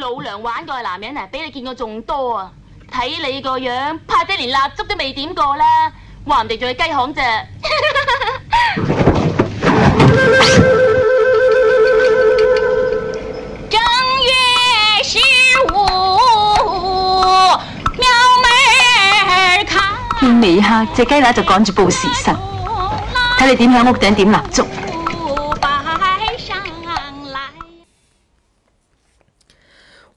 老娘玩過嘅男人啊，比你見過仲多啊！睇你個樣，怕姐連蠟燭都未點過啦，話唔定仲有雞巷啫、 啊啊。正月十五，喵妹看。天未黑，隻雞乸就趕住報時辰，睇你點響屋頂點蠟燭。